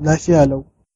Lafiya lau.